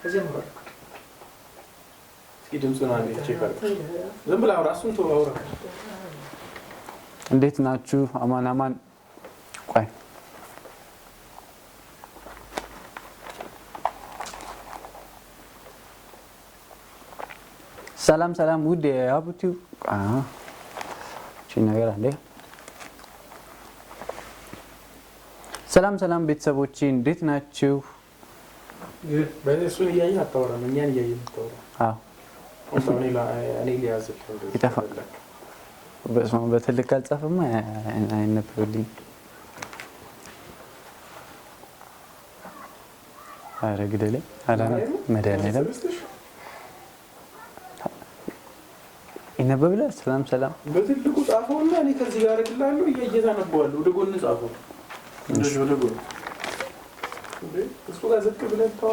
እስኪ ድምፁን አንዴ ቼክ ዝም ብላ አውራ፣ እሱን አውራ። እንዴት ናችሁ? አማን አማን። ቆይ ሰላም ሰላም፣ ውድ የአቡቲ ነገር አለ። ሰላም ሰላም ቤተሰቦቼ እንዴት ናችሁ? እሱን እያየ አታወራም፣ እኛን በትልቅ አልጻፍማ አይነበብልኝ። ኧረ ግደለኝ አላናት መድኃኒዓለም ይነበብላል። ሰላም ሰላም፣ በትልቁ ጻፈውና እኔ ከዚህ ጋር እልክልሃለሁ። እያየ ታነበዋለሁ። ወደ ጎን ጻፈው፣ ወደ ጎን Est-ce que it Z que